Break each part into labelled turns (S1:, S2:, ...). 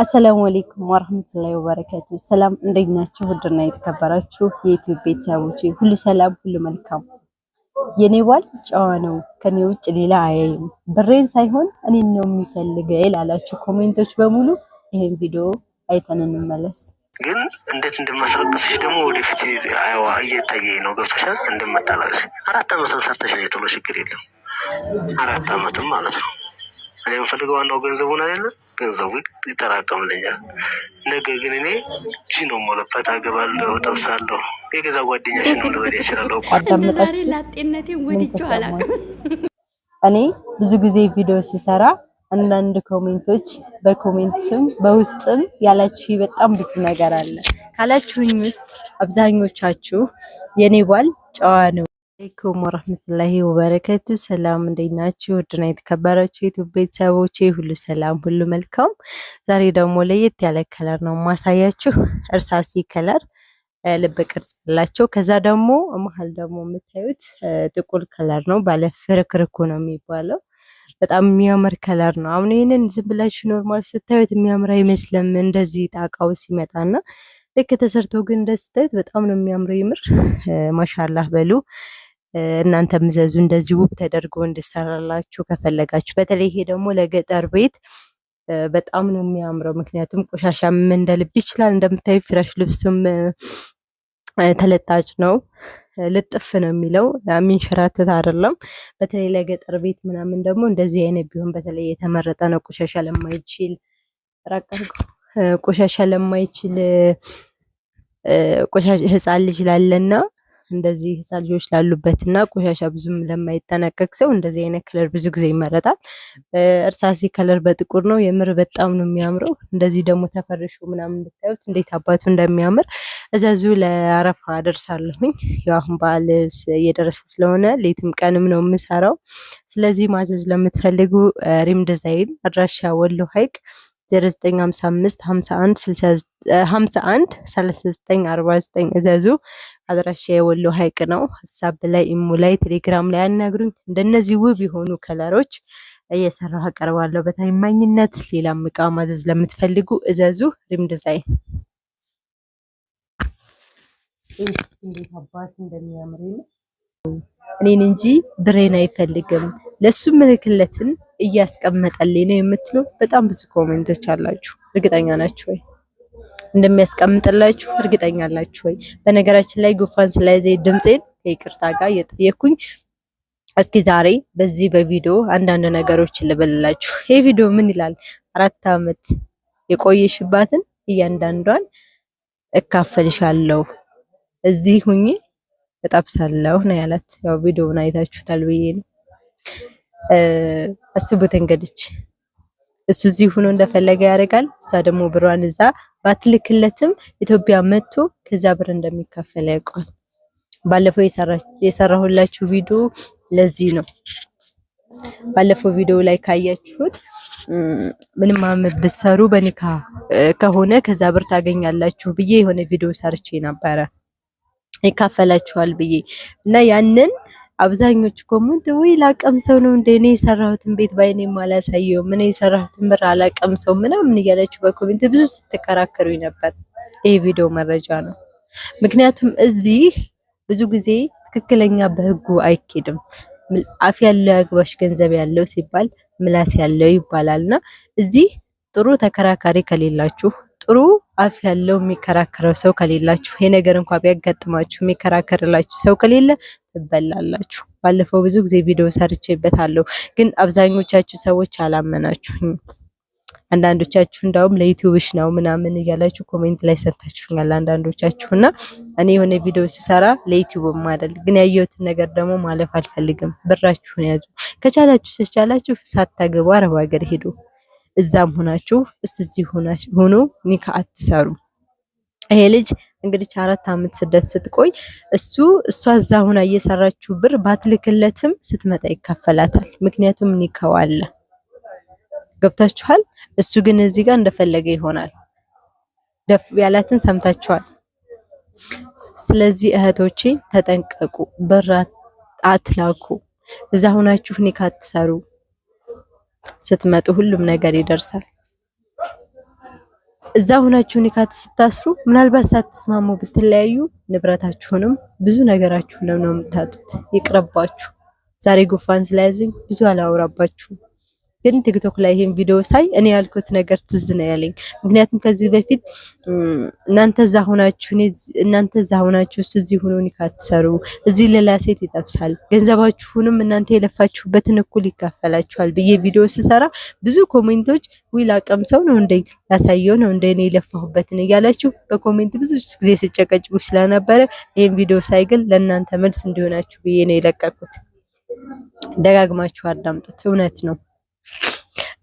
S1: አሰላሙ አለይኩም ወራህመቱላሂ ወበረካቱ። ሰላም እንዴት ናችሁ? ውድና የተከበራችሁ የዩቲዩብ ቤተሰቦች ሁሉ ሰላም፣ ሁሉ መልካም። የኔ ባል ጨዋ ነው፣ ከኔ ውጭ ሌላ አያይም፣ ብሬን ሳይሆን እኔን ነው የሚፈልገ ይላላችሁ ኮሜንቶች በሙሉ ይሄን ቪዲዮ አይተን እንመለስ።
S2: ግን እንዴት እንደማስለቅስሽ ደግሞ ወደፊት እየታየኝ ነው። ገብቶሻል? እንደማታላቅሽ አራት ዓመትም ሰርተሽ ነው የቶሎ ችግር የለም አራት ዓመትም ማለት ነው። እኔ የምፈልገው ዋናው ገንዘቡን አይደለም ገንዘቡ ይጠራቀምልኛል። ነገ ግን እኔ እጅ ነው የምውለው፣ ፈታ ጠብሳለሁ። የገዛ ጓደኛሽን ነው ልበል ይችላለሁ።
S1: ላጤነቴን ወድጄ አላውቅም። እኔ ብዙ ጊዜ ቪዲዮ ስሰራ አንዳንድ ኮሜንቶች በኮሜንትም በውስጥም ያላችሁ በጣም ብዙ ነገር አለ። ካላችሁኝ ውስጥ አብዛኞቻችሁ የኔ ባል ጨዋ ነው አለይኩም ወረህመቱላሂ ወበረከቱ። ሰላም እንዴት ናችሁ? ውድና የተከበራችሁ የዩቲዩብ ቤተሰቦቼ ሁሉ ሰላም፣ ሁሉ መልካም። ዛሬ ደግሞ ለየት ያለ ከለር ነው ማሳያችሁ። እርሳሲ ከለር ልብ ቅርጽ ያላቸው፣ ከዛ ደግሞ መሀል ደግሞ የምታዩት ጥቁር ከለር ነው። ባለ ፍርክርኩ ነው የሚባለው። በጣም የሚያምር ከለር ነው። አሁን ይህንን ዝም ብላችሁ ኖርማል ስታዩት የሚያምር አይመስልም እንደዚህ ጣቃው ሲመጣና ልክ ተሰርቶ ግን ደስታዩት በጣም ነው የሚያምረው። ይምር ማሻላህ በሉ እናንተ ምዘዙ እንደዚህ ውብ ተደርጎ እንድሰራላችሁ ከፈለጋችሁ። በተለይ ይሄ ደግሞ ለገጠር ቤት በጣም ነው የሚያምረው። ምክንያቱም ቆሻሻም እንደልብ ይችላል። እንደምታዩ ፍራሽ ልብስም ተለጣጭ ነው፣ ልጥፍ ነው የሚለው የሚንሸራተት አይደለም። በተለይ ለገጠር ቤት ምናምን ደግሞ እንደዚህ አይነት ቢሆን በተለይ የተመረጠ ነው። ቆሻሻ ለማይችል ቆሻሻ ለማይችል ቆሻሻ ህፃን ልጅ ላለና እንደዚህ ህፃን ልጆች ላሉበት እና ቆሻሻ ብዙም ለማይጠነቀቅ ሰው እንደዚህ አይነት ከለር ብዙ ጊዜ ይመረጣል። እርሳሴ ከለር በጥቁር ነው። የምር በጣም ነው የሚያምረው። እንደዚህ ደግሞ ተፈርሾ ምናምን ብታዩት እንዴት አባቱ እንደሚያምር እዘዙ። ለአረፋ አደርሳለሁኝ። የአሁን አሁን በዓል እየደረሰ ስለሆነ ሌትም ቀንም ነው የምሰራው። ስለዚህ ማዘዝ ለምትፈልጉ ሪም ዲዛይን አድራሻ ወሎ ሀይቅ 0955513949 እዘዙ። አድራሻ የወሎ ሀይቅ ነው። ሀሳብ ላይ፣ ኢሙ ላይ፣ ቴሌግራም ላይ አናግሩኝ። እንደነዚህ ውብ የሆኑ ከለሮች እየሰራሁ አቀርባለሁ በታማኝነት። ሌላም እቃ ማዘዝ ለምትፈልጉ እዘዙ። ሪም ዲዛይን እንዴት አባት እንደሚያምር እኔን እንጂ ብሬን አይፈልግም። ለሱ ምልክለትን እያስቀመጠልኝ ነው የምትሉ በጣም ብዙ ኮሜንቶች አላችሁ። እርግጠኛ ናችሁ ወይ? እንደሚያስቀምጥላችሁ እርግጠኛ ናችሁ ወይ? በነገራችን ላይ ጉንፋን ስለያዘ ድምፄን ከይቅርታ ጋር እየጠየኩኝ እስኪ ዛሬ በዚህ በቪዲዮ አንዳንድ ነገሮች ልበልላችሁ። ይህ ቪዲዮ ምን ይላል? አራት ዓመት የቆየሽባትን እያንዳንዷን እካፈልሻለሁ እዚህ ሁኜ እጠብሳለሁ ነው ያላት። ያው ቪዲዮውን አይታችሁታል ብዬ ነው። አስቡት እንግዲህ እሱ እዚህ ሆኖ እንደፈለገ ያደርጋል። እሷ ደግሞ ብሯን እዛ ባትልክለትም ኢትዮጵያ መጥቶ ከዛ ብር እንደሚካፈል ያውቀዋል። ባለፈው የሰራሁላችሁ ቪዲዮ ለዚህ ነው። ባለፈው ቪዲዮ ላይ ካያችሁት ምንም ብትሰሩ በኒካ ከሆነ ከዛ ብር ታገኛላችሁ ብዬ የሆነ ቪዲዮ ሰርቼ ነበረ ይካፈላችኋል ብዬ እና ያንን አብዛኞቹ ኮመንት ወይ ላቀም ሰው ነው እንደ እኔ የሰራሁትን ቤት ባይኔም አላሳየውም፣ እኔ የሰራሁትን ብር አላቀምሰውም ምናምን እያላችሁ በኮሜንት ብዙ ስትከራከሩኝ ነበር። ይሄ ቪዲዮ መረጃ ነው። ምክንያቱም እዚህ ብዙ ጊዜ ትክክለኛ በህጉ አይኬድም። አፍ ያለው ያግባሽ ገንዘብ ያለው ሲባል ምላስ ያለው ይባላልና እዚህ ጥሩ ተከራካሪ ከሌላችሁ ጥሩ አፍ ያለው የሚከራከረው ሰው ከሌላችሁ ይሄ ነገር እንኳ ቢያጋጥማችሁ የሚከራከርላችሁ ሰው ከሌለ ትበላላችሁ። ባለፈው ብዙ ጊዜ ቪዲዮ ሰርቼበታለሁ፣ ግን አብዛኞቻችሁ ሰዎች አላመናችሁኝ። አንዳንዶቻችሁ እንዳውም ለዩቲዩብሽ ነው ምናምን እያላችሁ ኮሜንት ላይ ሰጥታችሁኛል። አንዳንዶቻችሁ እና እኔ የሆነ ቪዲዮ ስሰራ ለዩቲዩብም አይደል፣ ግን ያየሁትን ነገር ደግሞ ማለፍ አልፈልግም። ብራችሁን ያዙ። ከቻላችሁ ስቻላችሁ ሳታገቡ አረብ ሀገር ሄዱ። እዛም ሆናችሁ እስቲ እዚህ ሆኖ ኒካ አትሰሩ። ይሄ ልጅ እንግዲህ አራት አመት ስደት ስትቆይ እሱ እሷ እዛ ሆና እየሰራችሁ ብር ባትልክለትም ስትመጣ ይካፈላታል። ምክንያቱም ኒካው አለ። ገብታችኋል። እሱ ግን እዚህ ጋር እንደፈለገ ይሆናል። ደፍ ያላትን ሰምታችኋል። ስለዚህ እህቶቼ ተጠንቀቁ፣ ብር አትላኩ፣ እዛ ሆናችሁ ኒካ አትሰሩ። ስትመጡ ሁሉም ነገር ይደርሳል። እዛ ሆናችሁ ኒካት ስታስሩ ምናልባት ሳትስማሙ ብትለያዩ ንብረታችሁንም ብዙ ነገራችሁንም ነው የምታጡት። ይቅረባችሁ። ዛሬ ጉፋን ስለያዝኝ ብዙ አላወራባችሁም። ግን ቲክቶክ ላይ ይሄን ቪዲዮ ሳይ እኔ ያልኩት ነገር ትዝ ነው ያለኝ። ምክንያቱም ከዚህ በፊት እናንተ እዛ ሆናችሁ እናንተ እዛ ሆናችሁ እሱ እዚህ ሆኖ ኒካ አትሰሩ፣ እዚህ ሌላ ሴት ይጠብሳል፣ ገንዘባችሁንም እናንተ የለፋችሁበትን እኩል ይካፈላችኋል ብዬ ቪዲዮ ስሰራ ብዙ ኮሜንቶች ዊል አቀም ነው እንደ ያሳየው ነው እንደ እኔ የለፋሁበትን እያላችሁ በኮሜንት ብዙ ጊዜ ስጨቀጭቁ ስለነበረ ይህን ቪዲዮ ሳይ ግን ለእናንተ መልስ እንዲሆናችሁ ብዬ ነው የለቀኩት። ደጋግማችሁ አዳምጡት፣ እውነት ነው።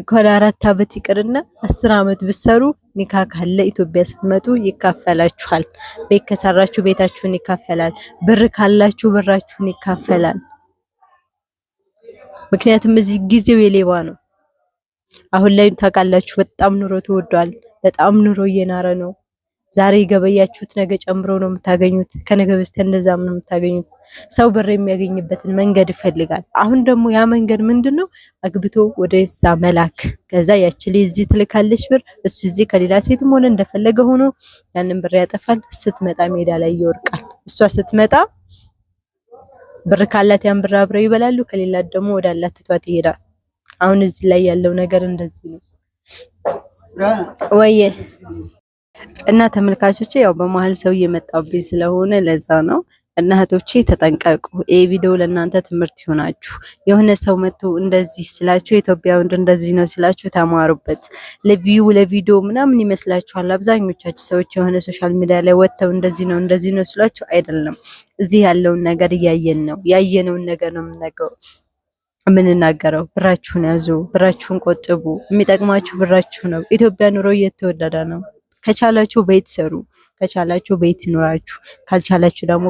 S1: እንኳን አራት ዓመት ይቅርና አስር ዓመት ብሰሩ ኒካ ካለ ኢትዮጵያ ስትመጡ ይካፈላችኋል። ቤት ከሰራችሁ ቤታችሁን ይካፈላል። ብር ካላችሁ ብራችሁን ይካፈላል። ምክንያቱም እዚህ ጊዜው የሌባ ነው። አሁን ላይ ታውቃላችሁ፣ በጣም ኑሮ ተወዷል። በጣም ኑሮ እየናረ ነው። ዛሬ የገበያችሁት ነገ ጨምሮ ነው የምታገኙት። ከነገ በስቲያ እንደዛም ነው የምታገኙት። ሰው ብር የሚያገኝበትን መንገድ ይፈልጋል። አሁን ደግሞ ያ መንገድ ምንድን ነው? አግብቶ ወደ እዛ መላክ። ከዛ ያቺ እዚህ ትልካለች ብር፣ እሱ እዚህ ከሌላ ሴትም ሆነ እንደፈለገ ሆኖ ያንን ብር ያጠፋል። ስትመጣ ሜዳ ላይ ይወርቃል። እሷ ስትመጣ ብር ካላት ያን ብር አብረው ይበላሉ፣ ከሌላት ደግሞ ወደ አላት ትቷት ይሄዳል። አሁን እዚህ ላይ ያለው ነገር እንደዚህ ነው ወይ እና ተመልካቾቼ ያው በመሀል ሰው እየመጣብኝ ስለሆነ ለዛ ነው። እና እህቶቼ ተጠንቀቁ። ይህ ቪዲዮ ለእናንተ ትምህርት ይሆናችሁ። የሆነ ሰው መጥቶ እንደዚህ ስላችሁ የኢትዮጵያ ወንድ እንደዚህ ነው ስላችሁ ተማሩበት። ለቪው ለቪዲዮ ምናምን ይመስላችኋል። አብዛኞቻችሁ ሰዎች የሆነ ሶሻል ሚዲያ ላይ ወጥተው እንደዚህ ነው እንደዚህ ነው ስላችሁ አይደለም። እዚህ ያለውን ነገር እያየን ነው። ያየነውን ነገር ነው የምንነግረው የምንናገረው ብራችሁን ያዙ፣ ብራችሁን ቆጥቡ። የሚጠቅማችሁ ብራችሁ ነው። ኢትዮጵያ ኑሮ እየተወደደ ነው። ከቻላችሁ ቤት ስሩ፣ ከቻላችሁ ቤት ይኖራችሁ፣ ካልቻላችሁ ደግሞ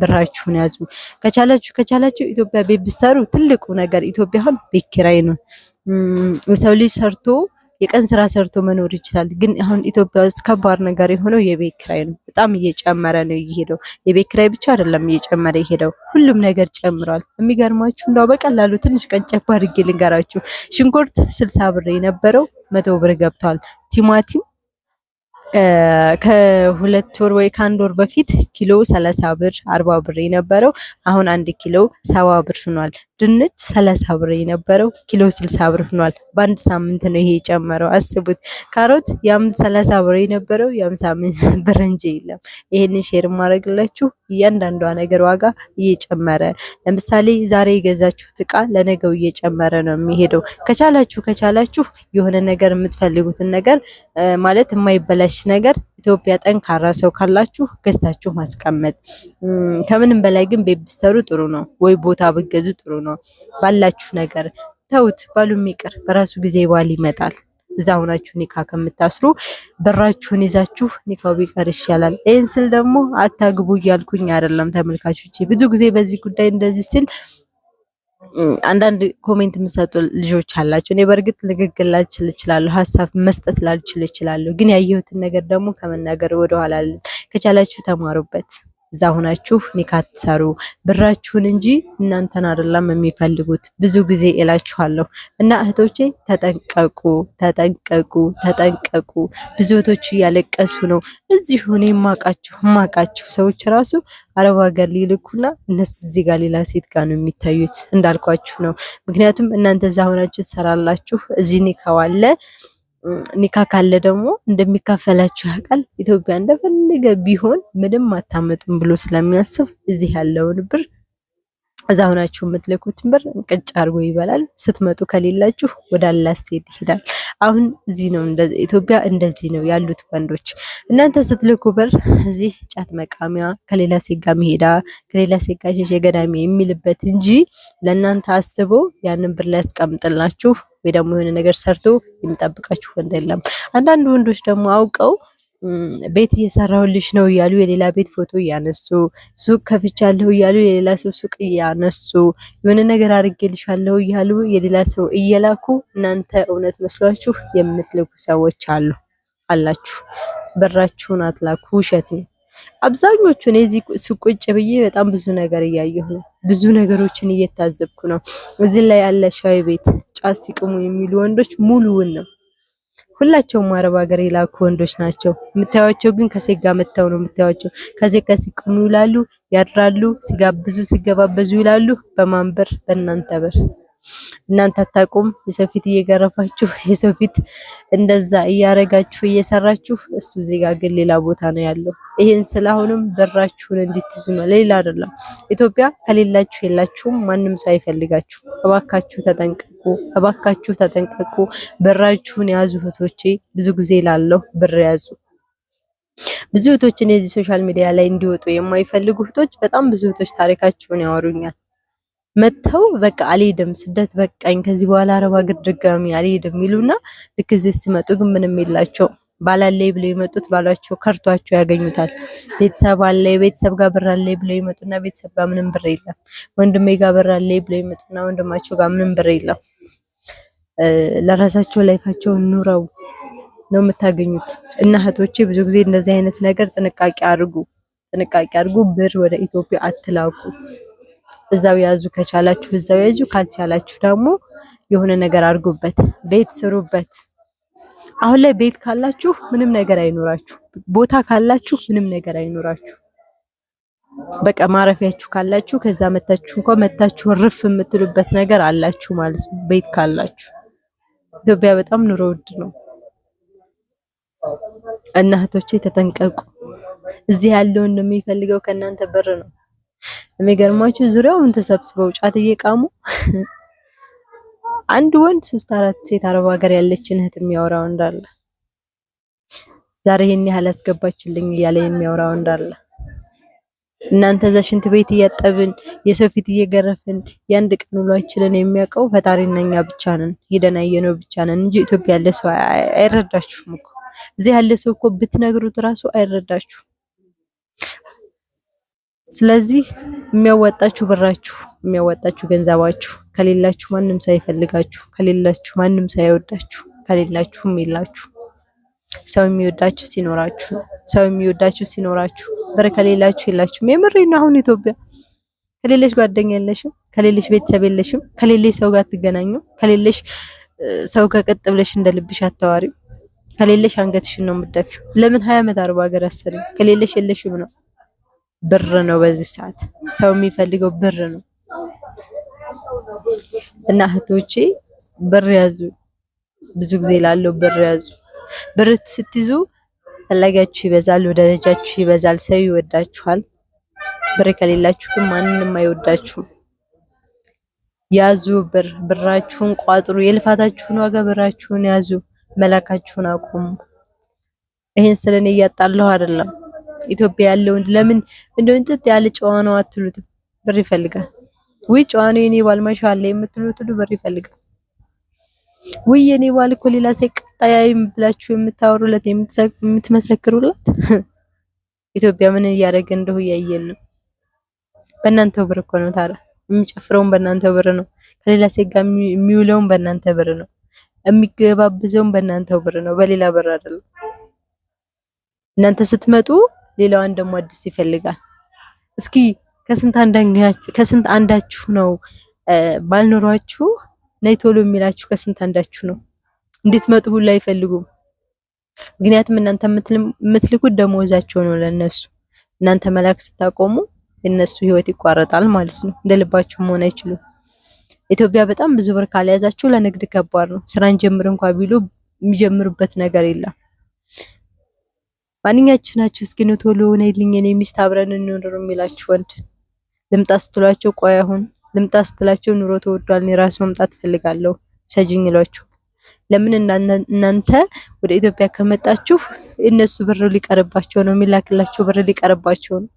S1: ብራችሁን ያዙ። ከቻላችሁ ከቻላችሁ ኢትዮጵያ ቤት ብትሰሩ ትልቁ ነገር ኢትዮጵያ አሁን ቤት ኪራይ ነው። የሰው ልጅ ሰርቶ የቀን ስራ ሰርቶ መኖር ይችላል። ግን አሁን ኢትዮጵያ ውስጥ ከባድ ነገር የሆነው የቤት ኪራይ ነው። በጣም እየጨመረ ነው እየሄደው። የቤት ኪራይ ብቻ አይደለም እየጨመረ የሄደው ሁሉም ነገር ጨምሯል። የሚገርማችሁ እንደው በቀላሉ ትንሽ ቀን ጨባ አድርጌ ልንገራችሁ። ሽንኩርት ስልሳ ብር የነበረው መቶ ብር ገብቷል። ቲማቲም ከሁለት ወር ወይ ከአንድ ወር በፊት ኪሎ ሰላሳ ብር አርባ ብር የነበረው አሁን አንድ ኪሎ ሰባ ብር ሆኗል። ድንች ሰላሳ ብር የነበረው ኪሎ ስልሳ ብር ሆኗል። በአንድ ሳምንት ነው ይሄ የጨመረው። አስቡት። ካሮት ያም 30 ብር የነበረው ያም ሳምንት ብር እንጂ የለም። ይሄን ሼር ማድረግላችሁ እያንዳንዷ ነገር ዋጋ እየጨመረ ለምሳሌ ዛሬ የገዛችሁ እቃ ለነገው እየጨመረ ነው የሚሄደው። ከቻላችሁ ከቻላችሁ የሆነ ነገር የምትፈልጉትን ነገር ማለት የማይበላሽ ነገር ኢትዮጵያ ጠንካራ ሰው ካላችሁ ገዝታችሁ ማስቀመጥ። ከምንም በላይ ግን ቤት ብትሰሩ ጥሩ ነው፣ ወይ ቦታ ብገዙ ጥሩ ነው። ባላችሁ ነገር ተውት። ባሉም ይቅር፣ በራሱ ጊዜ ባል ይመጣል። እዛ ሁናችሁ ኒካ ከምታስሩ ብራችሁን ይዛችሁ ኒካው ቢቀር ይሻላል። ይህን ስል ደግሞ አታግቡ እያልኩኝ አይደለም ተመልካቾች። ብዙ ጊዜ በዚህ ጉዳይ እንደዚህ ስል አንዳንድ ኮሜንት የምሰጡ ልጆች አላቸው። እኔ በእርግጥ ንግግር ላልችል እችላለሁ፣ ሀሳብ መስጠት ላልችል እችላለሁ። ግን ያየሁትን ነገር ደግሞ ከመናገር ወደኋላ አልልም። ከቻላችሁ ተማሩበት። እዛ ሁናችሁ ኒካ ትሰሩ ብራችሁን እንጂ እናንተን አይደለም የሚፈልጉት ብዙ ጊዜ እላችኋለሁ። እና እህቶቼ ተጠንቀቁ፣ ተጠንቀቁ፣ ተጠንቀቁ። ብዙ እህቶች እያለቀሱ ነው። እዚሁ እኔ ማቃችሁ ማቃችሁ ሰዎች ራሱ አረብ ሀገር ሊልኩና እነሱ እዚህ ጋር ሌላ ሴት ጋር ነው የሚታዩት። እንዳልኳችሁ ነው። ምክንያቱም እናንተ እዛ ሁናችሁ ትሰራላችሁ። እዚህ ኒካ ዋለ ኒካ ካለ ደግሞ እንደሚካፈላችሁ ያውቃል። ኢትዮጵያ እንደፈለገ ቢሆን ምንም አታመጡም ብሎ ስለሚያስብ እዚህ ያለውን ብር እዛ ሆናችሁ የምትልኩትን ብር ቅጭ አድርጎ ይበላል። ስትመጡ ከሌላችሁ ወደ አላስቴት ይሄዳል። አሁን እዚህ ነው ኢትዮጵያ እንደዚህ ነው ያሉት ወንዶች። እናንተ ስትልኩ ብር እዚህ ጫት መቃሚያ ከሌላ ሴጋ መሄዳ ከሌላ ሴጋ ሸሸ ገዳሚ የሚልበት እንጂ ለእናንተ አስቦ ያንን ብር ያስቀምጥላችሁ። ወይ ደግሞ የሆነ ነገር ሰርቶ የሚጠብቃችሁ ወንድ የለም። አንዳንድ ወንዶች ደግሞ አውቀው ቤት እየሰራሁልሽ ነው እያሉ የሌላ ቤት ፎቶ እያነሱ፣ ሱቅ ከፍቻለሁ እያሉ የሌላ ሰው ሱቅ እያነሱ፣ የሆነ ነገር አድርጌልሻለሁ እያሉ የሌላ ሰው እየላኩ እናንተ እውነት መስሏችሁ የምትልኩ ሰዎች አሉ አላችሁ። በራችሁን አትላኩ፣ ውሸት ነው። አብዛኞቹ እኔ እዚህ ቁጭ ብዬ በጣም ብዙ ነገር እያየሁ ነው። ብዙ ነገሮችን እየታዘብኩ ነው። እዚህ ላይ ያለ ሻይ ቤት ጫት ሲቅሙ የሚሉ ወንዶች ሙሉውን ነው። ሁላቸውም አረብ ሀገር የላኩ ወንዶች ናቸው። የምታዩቸው ግን ከሴት ጋር መተው ነው የምታዩቸው። ከሴት ጋር ሲቅሙ ይውላሉ፣ ያድራሉ፣ ሲጋብዙ ሲገባበዙ ይውላሉ። በማን ብር? በእናንተ ብር። እናንተ አታውቁም። የሰው ፊት እየገረፋችሁ የሰው ፊት እንደዛ እያረጋችሁ እየሰራችሁ፣ እሱ ዜጋ ግን ሌላ ቦታ ነው ያለው። ይሄን ስለአሁንም በራችሁን ብራችሁን እንድትይዙ ነው፣ ሌላ አይደለም። ኢትዮጵያ ከሌላችሁ የላችሁም፣ ማንም ሰው አይፈልጋችሁ። እባካችሁ ተጠንቀቁ፣ እባካችሁ ተጠንቀቁ። ብራችሁን ያዙ እህቶቼ። ብዙ ጊዜ ላለው ብር ያዙ ብዙ እህቶችን እነዚህ ሶሻል ሚዲያ ላይ እንዲወጡ የማይፈልጉ እህቶች በጣም ብዙ እህቶች ታሪካችሁን ያወሩኛል። መጥተው በቃ አልሄድም፣ ስደት በቃኝ፣ ከዚህ በኋላ አረብ ሀገር ድጋሚ አልሄድም ይሉና ልክ እዚህ ሲመጡ ግን ምንም የላቸው ባላለይ ብለው የመጡት ባሏቸው ከርቷቸው ያገኙታል። ቤተሰብ አለ፣ ቤተሰብ ጋር ብር አለ ብለው ይመጡና ቤተሰብ ጋር ምንም ብር የለም። ወንድሜ ጋር ብር አለ ብለው ይመጡና ወንድማቸው ጋር ምንም ብር የለም። ለራሳቸው ላይፋቸው ኑረው ነው የምታገኙት። እና እህቶቼ ብዙ ጊዜ እንደዚህ አይነት ነገር ጥንቃቄ አድርጉ፣ ጥንቃቄ አድርጉ። ብር ወደ ኢትዮጵያ አትላኩ። እዛው ያዙ። ከቻላችሁ እዛው ያዙ፣ ካልቻላችሁ ደግሞ የሆነ ነገር አድርጉበት፣ ቤት ስሩበት። አሁን ላይ ቤት ካላችሁ ምንም ነገር አይኖራችሁ፣ ቦታ ካላችሁ ምንም ነገር አይኖራችሁ። በቃ ማረፊያችሁ ካላችሁ ከዛ መታችሁ እንኳ መታችሁ ርፍ የምትሉበት ነገር አላችሁ ማለት ነው፣ ቤት ካላችሁ። ኢትዮጵያ በጣም ኑሮ ውድ ነው እናቶቼ ተጠንቀቁ። እዚህ ያለውን የሚፈልገው ከእናንተ ብር ነው። የሚገርማችሁ ዙሪያውን ተሰብስበው ጫት እየቃሙ አንድ ወንድ ሶስት አራት ሴት አረብ ሀገር ያለችን እህት የሚያወራው እንዳለ ዛሬ ይሄን ያህል አስገባችልኝ እያለ የሚያወራው እንዳለ እናንተ እዛ ሽንት ቤት እያጠብን የሰው ፊት እየገረፍን የአንድ ቀን ውሏችንን የሚያውቀው ፈጣሪና እኛ ብቻ ነን። ሄደን አየነው ብቻ ነን እንጂ ኢትዮጵያ ያለ ሰው አይረዳችሁም እኮ እዚህ ያለ ሰው እኮ ብትነግሩት እራሱ አይረዳችሁም። ስለዚህ የሚያዋጣችሁ ብራችሁ፣ የሚያዋጣችሁ ገንዘባችሁ፣ ከሌላችሁ ማንም ሳይፈልጋችሁ፣ ከሌላችሁ ማንም ሳይወዳችሁ፣ ከሌላችሁም የላችሁ። ሰው የሚወዳችሁ ሲኖራችሁ ነው። ሰው የሚወዳችሁ ሲኖራችሁ፣ ብር ከሌላችሁ የላችሁም። የምሬ ነው። አሁን ኢትዮጵያ ከሌለሽ ጓደኛ የለሽም፣ ከሌለሽ ቤተሰብ የለሽም፣ ከሌለሽ ሰው ጋር አትገናኙ፣ ከሌለሽ ሰው ቀጥ ብለሽ እንደ ልብሽ ከሌለሽ አንገትሽን ነው የምትደፊው። ለምን ሀያ ዓመት አርባ ሀገር አሰሪም ከሌለሽ የለሽም ነው ብር ነው። በዚህ ሰዓት ሰው የሚፈልገው ብር ነው እና እህቶቼ ብር ያዙ። ብዙ ጊዜ ላለው ብር ያዙ። ብር ስትይዙ ፈላጊያችሁ ይበዛል፣ ወዳጃችሁ ይበዛል፣ ሰው ይወዳችኋል። ብር ከሌላችሁ ግን ማንንም አይወዳችሁም። ያዙ ብር፣ ብራችሁን ቋጥሩ፣ የልፋታችሁን ዋጋ ብራችሁን ያዙ። መላካችሁን አቁሙ። ይሄን ስለኔ እያጣለሁ አይደለም። ኢትዮጵያ ያለው ለምን እንደው እንጥጥ ያለ ጨዋ ነው አትሉትም? ብር ይፈልጋል። ውይ ጨዋ ነው የኔ ባል ማሻአላ የምትሉት ሁሉ ብር ይፈልጋል። ውይ የኔ ባል እኮ ሌላ ሴት ቀጣያይም ብላችሁ የምታወሩለት የምትመሰክሩለት ኢትዮጵያ ምን እያደረገ እንደሁ እያየን ነው። በእናንተው ብር እኮ ነው ታዲያ የሚጨፍረውን በእናንተው ብር ነው። ከሌላ ሴት ጋር የሚውለውን በእናንተ ብር ነው። የሚገባብዘውን በእናንተው ብር ነው፣ በሌላ ብር አይደለም። እናንተ ስትመጡ ሌላዋን ደግሞ አዲስ ይፈልጋል። እስኪ ከስንት አንዳችሁ ከስንት አንዳችሁ ነው ባልኖሯችሁ ነይ ቶሎ የሚላችሁ ከስንት አንዳችሁ ነው? እንድትመጡ ሁሉ አይፈልጉም። ምክንያቱም እናንተ የምትልኩት ደሞዛቸው ነው ለነሱ። እናንተ መላክ ስታቆሙ የነሱ ህይወት ይቋረጣል ማለት ነው። እንደልባችሁ መሆን አይችሉም። ኢትዮጵያ በጣም ብዙ ብር ካልያዛችሁ ለንግድ ከባድ ነው። ስራን ጀምር እንኳ ቢሉ የሚጀምሩበት ነገር የለም። ማንኛችሁ ናችሁ? እስኪ ነው ቶሎ ሆነልኝ እኔ ሚስት አብረን እንኑር የሚላችሁ ወንድ ልምጣ ስትሏቸው ቆይ አሁን ልምጣ ስትላቸው ኑሮ ተወዷል፣ እኔ ራሱ መምጣት ፈልጋለሁ ሰጅኝ ይሏችሁ። ለምን እናንተ ወደ ኢትዮጵያ ከመጣችሁ እነሱ ብር ሊቀርባቸው ነው የሚላክላቸው ብር ሊቀርባቸው ነው።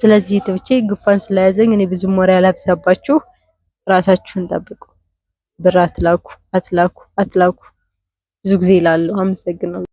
S1: ስለዚህ ትብቼ ጉፋን ስለያዘኝ እኔ ብዙ ሞራ ያላብዛባችሁ፣ ራሳችሁን ጠብቁ። ብር አትላኩ፣ አትላኩ፣ አትላኩ ብዙ ጊዜ ይላሉ። አመሰግናለሁ።